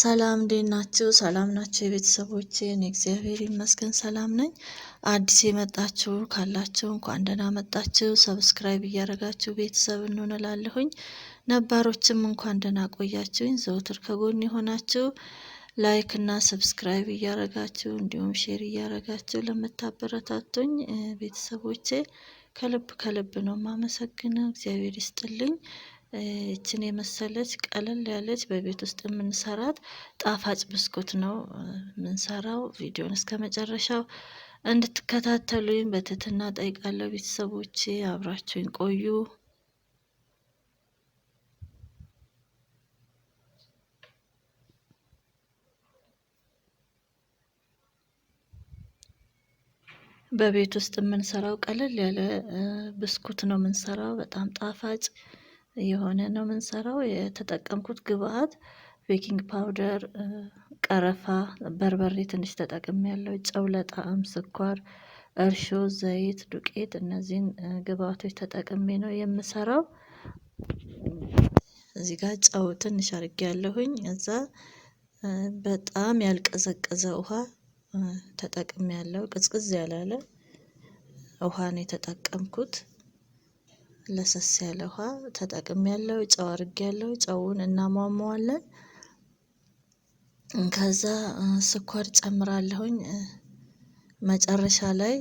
ሰላም እንዴት ናችሁ? ሰላም ናቸው የቤተሰቦች እኔ እግዚአብሔር ይመስገን ሰላም ነኝ። አዲስ የመጣችሁ ካላችሁ እንኳን ደህና መጣችሁ። ሰብስክራይብ እያደረጋችሁ ቤተሰብ እንሆንላለሁኝ። ነባሮችም እንኳን ደህና ቆያችሁኝ። ዘውትር ከጎን የሆናችሁ ላይክ እና ሰብስክራይብ እያደረጋችሁ እንዲሁም ሼር እያደረጋችሁ ለምታበረታቱኝ ቤተሰቦቼ ከልብ ከልብ ነው ማመሰግነው። እግዚአብሔር ይስጥልኝ። ይችን የመሰለች ቀለል ያለች በቤት ውስጥ የምንሰራት ጣፋጭ ብስኩት ነው የምንሰራው። ቪዲዮን እስከ መጨረሻው እንድትከታተሉኝ በትህትና ጠይቃለሁ። ቤተሰቦቼ አብራችሁኝ ቆዩ። በቤት ውስጥ የምንሰራው ቀለል ያለ ብስኩት ነው የምንሰራው። በጣም ጣፋጭ የሆነ ነው የምንሰራው። የተጠቀምኩት ግብአት ቤኪንግ ፓውደር፣ ቀረፋ፣ በርበሬ ትንሽ ተጠቅም ያለው ጨው፣ ለጣዕም ስኳር፣ እርሾ፣ ዘይት፣ ዱቄት እነዚህን ግብአቶች ተጠቅሜ ነው የምሰራው። እዚህ ጋር ጨው ትንሽ አድርጌ ያለሁኝ እዛ በጣም ያልቀዘቀዘ ውሃ ተጠቅሜ ያለው ቅዝቅዝ ያላለ ውሃ ነው የተጠቀምኩት። ለሰስ ያለ ውሃ ተጠቅሜ ያለው ጨው አድርጌ ያለው ጨውን እናሟሟዋለን። ከዛ ስኳር ጨምራለሁኝ መጨረሻ ላይ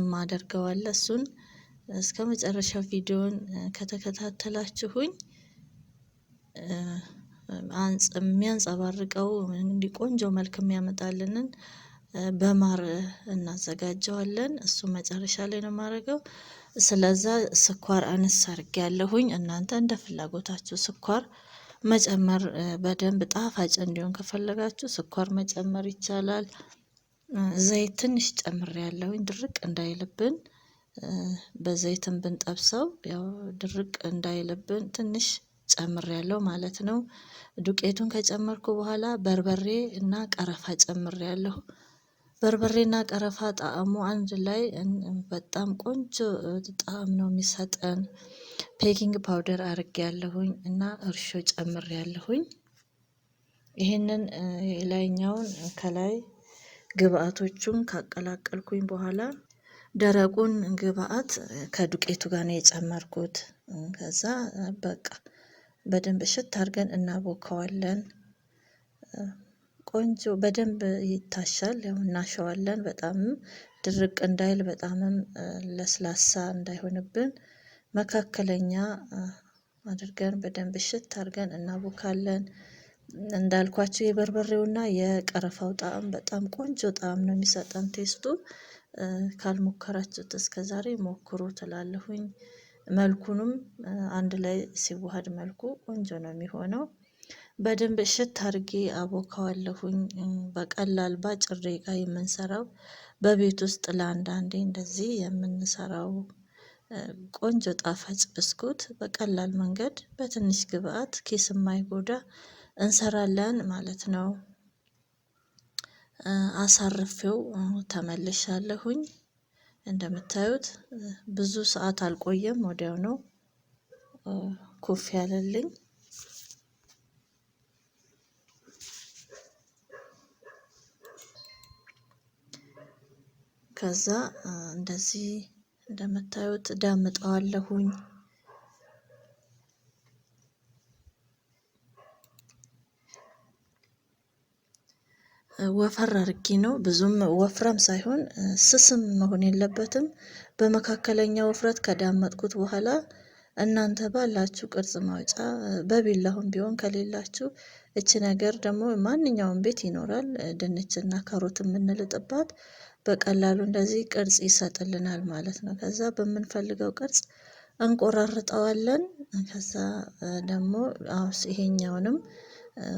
እማደርገዋለ እሱን እስከ መጨረሻ ቪዲዮን ከተከታተላችሁኝ የሚያንጸባርቀው እንዲህ ቆንጆ መልክ የሚያመጣልንን በማር እናዘጋጀዋለን እሱ መጨረሻ ላይ ነው የማደርገው። ስለዛ ስኳር አነስ ያለሁኝ እናንተ እንደ ፍላጎታችሁ ስኳር መጨመር በደንብ ጣፋጭ እንዲሆን ከፈለጋችሁ ስኳር መጨመር ይቻላል። ዘይት ትንሽ ያለሁኝ ድርቅ እንዳይልብን በዘይትም ብንጠብሰው ያው ድርቅ እንዳይልብን ትንሽ ጨምር ያለው ማለት ነው። ዱቄቱን ከጨመርኩ በኋላ በርበሬ እና ቀረፋ ያለሁ። በርበሬና ቀረፋ ጣዕሙ አንድ ላይ በጣም ቆንጆ ጣዕም ነው የሚሰጠን። ፔኪንግ ፓውደር ያለሁኝ እና እርሾ ያለሁኝ ይህንን የላይኛውን ከላይ ግብአቶቹን ካቀላቀልኩኝ በኋላ ደረቁን ግብአት ከዱቄቱ ጋር ነው የጨመርኩት። ከዛ በቃ በደንብ እሽት አድርገን እናቦከዋለን። ቆንጆ በደንብ ይታሻል። ያው እናሸዋለን በጣም ድርቅ እንዳይል በጣምም ለስላሳ እንዳይሆንብን መካከለኛ አድርገን በደንብ እሽት አድርገን እናቦካለን። እንዳልኳችሁ የበርበሬውና የቀረፋው ጣዕም በጣም ቆንጆ ጣዕም ነው የሚሰጠን ቴስቱ። ካልሞከራችሁት እስከዛሬ ሞክሩ ትላለሁኝ መልኩንም አንድ ላይ ሲዋሃድ መልኩ ቆንጆ ነው የሚሆነው በደንብ እሽት አድርጌ አቦካዋለሁኝ። በቀላል ባጭር ደቂቃ የምንሰራው በቤት ውስጥ ለአንዳንዴ እንደዚህ የምንሰራው ቆንጆ ጣፋጭ ብስኩት በቀላል መንገድ በትንሽ ግብአት ኪስ የማይጎዳ እንሰራለን ማለት ነው። አሳርፌው ተመልሻለሁኝ። እንደምታዩት ብዙ ሰዓት አልቆየም ወዲያው ነው ኩፍ ያለልኝ። ከዛ እንደዚህ እንደምታዩት ዳምጠዋለሁኝ። ወፈር አርጌ ነው ብዙም ወፍራም ሳይሆን ስስም መሆን የለበትም። በመካከለኛ ውፍረት ከዳመጥኩት በኋላ እናንተ ባላችሁ ቅርጽ ማውጫ በቢላሁም ቢሆን ከሌላችሁ እች ነገር ደግሞ ማንኛውም ቤት ይኖራል። ድንችና ካሮት የምንልጥባት በቀላሉ እንደዚህ ቅርጽ ይሰጥልናል ማለት ነው። ከዛ በምንፈልገው ቅርጽ እንቆራርጠዋለን። ከዛ ደግሞ ይሄኛውንም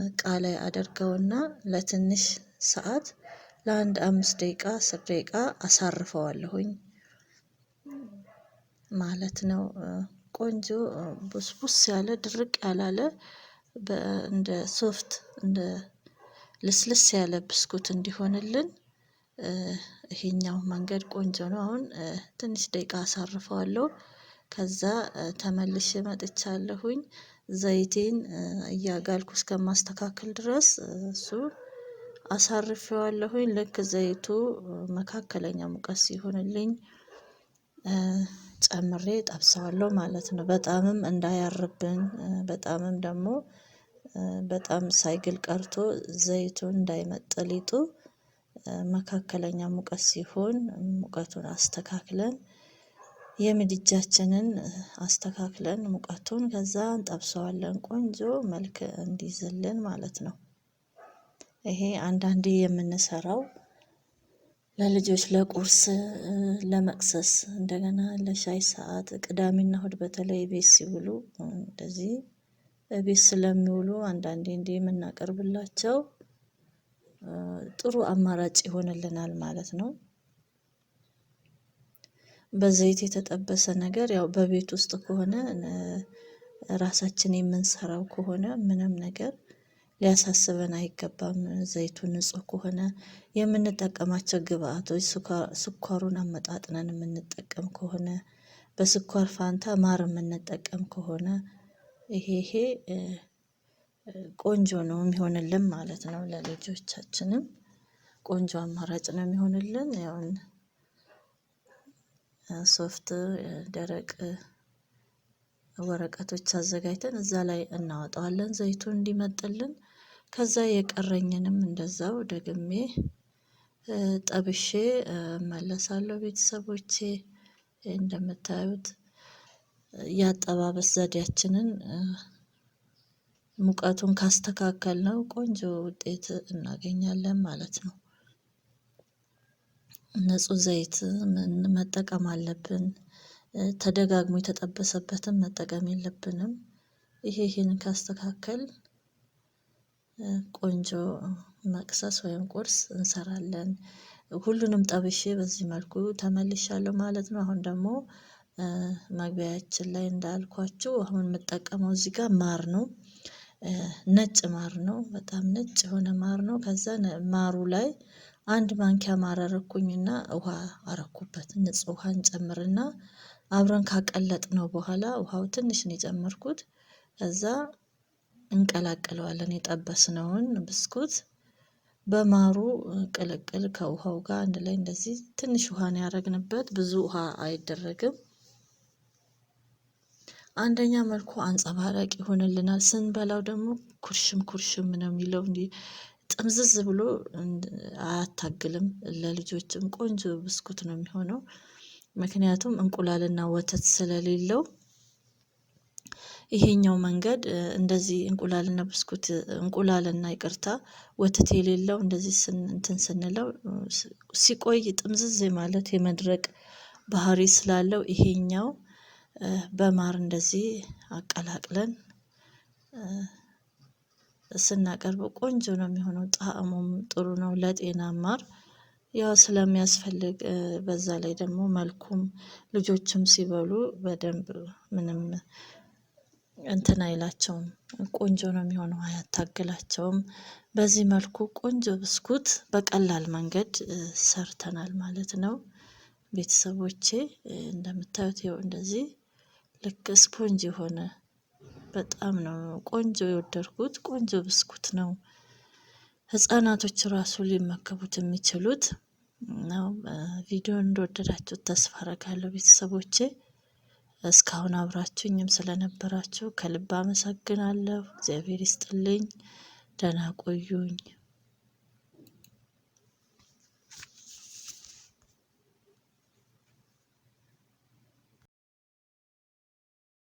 እቃ ላይ አድርገውና ለትንሽ ሰዓት ለአንድ አምስት ደቂቃ አስር ደቂቃ አሳርፈዋለሁኝ ማለት ነው። ቆንጆ ቡስቡስ ያለ ድርቅ ያላለ እንደ ሶፍት እንደ ልስልስ ያለ ብስኩት እንዲሆንልን ይሄኛው መንገድ ቆንጆ ነው። አሁን ትንሽ ደቂቃ አሳርፈዋለሁ። ከዛ ተመልሼ መጥቻለሁኝ። ዘይቴን እያጋልኩ እስከማስተካከል ድረስ እሱ አሳርፈዋለሁኝ። ልክ ዘይቱ መካከለኛ ሙቀት ሲሆንልኝ ጨምሬ ጠብሰዋለሁ ማለት ነው። በጣምም እንዳያርብን በጣምም ደግሞ በጣም ሳይግል ቀርቶ ዘይቱ እንዳይመጠሊጡ መካከለኛ ሙቀት ሲሆን ሙቀቱን አስተካክለን የምድጃችንን አስተካክለን ሙቀቱን ከዛ እንጠብሰዋለን ቆንጆ መልክ እንዲይዝልን ማለት ነው። ይሄ አንዳንዴ የምንሰራው ለልጆች ለቁርስ፣ ለመቅሰስ እንደገና ለሻይ ሰዓት ቅዳሜና እሁድ በተለይ ቤት ሲውሉ እንደዚህ ቤት ስለሚውሉ አንዳንዴ እንዲህ የምናቀርብላቸው ጥሩ አማራጭ ይሆንልናል ማለት ነው። በዘይት የተጠበሰ ነገር ያው በቤት ውስጥ ከሆነ ራሳችን የምንሰራው ከሆነ ምንም ነገር ሊያሳስበን አይገባም። ዘይቱ ንጹህ ከሆነ የምንጠቀማቸው ግብአቶች ስኳሩን አመጣጥነን የምንጠቀም ከሆነ በስኳር ፋንታ ማር የምንጠቀም ከሆነ ይሄ ይሄ ቆንጆ ነው የሚሆንልን ማለት ነው። ለልጆቻችንም ቆንጆ አማራጭ ነው የሚሆንልን። ያውን ሶፍት ደረቅ ወረቀቶች አዘጋጅተን እዛ ላይ እናወጣዋለን ዘይቱን እንዲመጥልን። ከዛ የቀረኝንም እንደዛው ደግሜ ጠብሼ መለሳለሁ። ቤተሰቦቼ እንደምታዩት የአጠባበስ ዘዴያችንን ሙቀቱን ካስተካከል ነው ቆንጆ ውጤት እናገኛለን ማለት ነው። ንጹህ ዘይት መጠቀም አለብን። ተደጋግሞ የተጠበሰበትን መጠቀም የለብንም። ይሄ ይሄንን ካስተካከል ቆንጆ መቅሰስ ወይም ቁርስ እንሰራለን። ሁሉንም ጠብሼ በዚህ መልኩ ተመልሻለሁ ማለት ነው። አሁን ደግሞ መግቢያችን ላይ እንዳልኳችሁ አሁን የምጠቀመው እዚህ ጋር ማር ነው። ነጭ ማር ነው በጣም ነጭ የሆነ ማር ነው። ከዛ ማሩ ላይ አንድ ማንኪያ ማር አረኩኝና ውሃ አረኩበት ንጹህ ውሃ እንጨምርና አብረን ካቀለጥነው በኋላ ውሃው ትንሽ ነው የጨመርኩት። ከዛ እንቀላቅለዋለን የጠበስነውን ብስኩት በማሩ ቅልቅል ከውሃው ጋር አንድ ላይ እንደዚህ ትንሽ ውሃ ነው ያደረግንበት ብዙ ውሃ አይደረግም። አንደኛ መልኩ አንጸባራቂ ይሆንልናል ስንበላው ደግሞ ኩርሽም ኩርሽም ነው የሚለው እንዲህ ጥምዝዝ ብሎ አያታግልም ለልጆችም ቆንጆ ብስኩት ነው የሚሆነው ምክንያቱም እንቁላልና ወተት ስለሌለው ይሄኛው መንገድ እንደዚህ እንቁላልና ብስኩት እንቁላልና ይቅርታ ወተት የሌለው እንደዚህ እንትን ስንለው ሲቆይ ጥምዝዝ ማለት የመድረቅ ባህሪ ስላለው ይሄኛው በማር እንደዚህ አቀላቅለን ስናቀርበው ቆንጆ ነው የሚሆነው። ጣዕሙም ጥሩ ነው። ለጤና ማር ያው ስለሚያስፈልግ በዛ ላይ ደግሞ መልኩም ልጆችም ሲበሉ በደንብ ምንም እንትን አይላቸውም ቆንጆ ነው የሚሆነው፣ አያታግላቸውም። በዚህ መልኩ ቆንጆ ብስኩት በቀላል መንገድ ሰርተናል ማለት ነው። ቤተሰቦቼ እንደምታዩት ይኸው እንደዚህ ልክ ስፖንጅ የሆነ በጣም ነው ቆንጆ የወደድኩት። ቆንጆ ብስኩት ነው። ህጻናቶች ራሱ ሊመገቡት የሚችሉት ነው። ቪዲዮ እንደወደዳችሁ ተስፋ አረጋለሁ ቤተሰቦቼ። እስካሁን አብራችሁኝም ስለነበራችሁ ከልብ አመሰግናለሁ። እግዚአብሔር ይስጥልኝ። ደህና ቆዩኝ።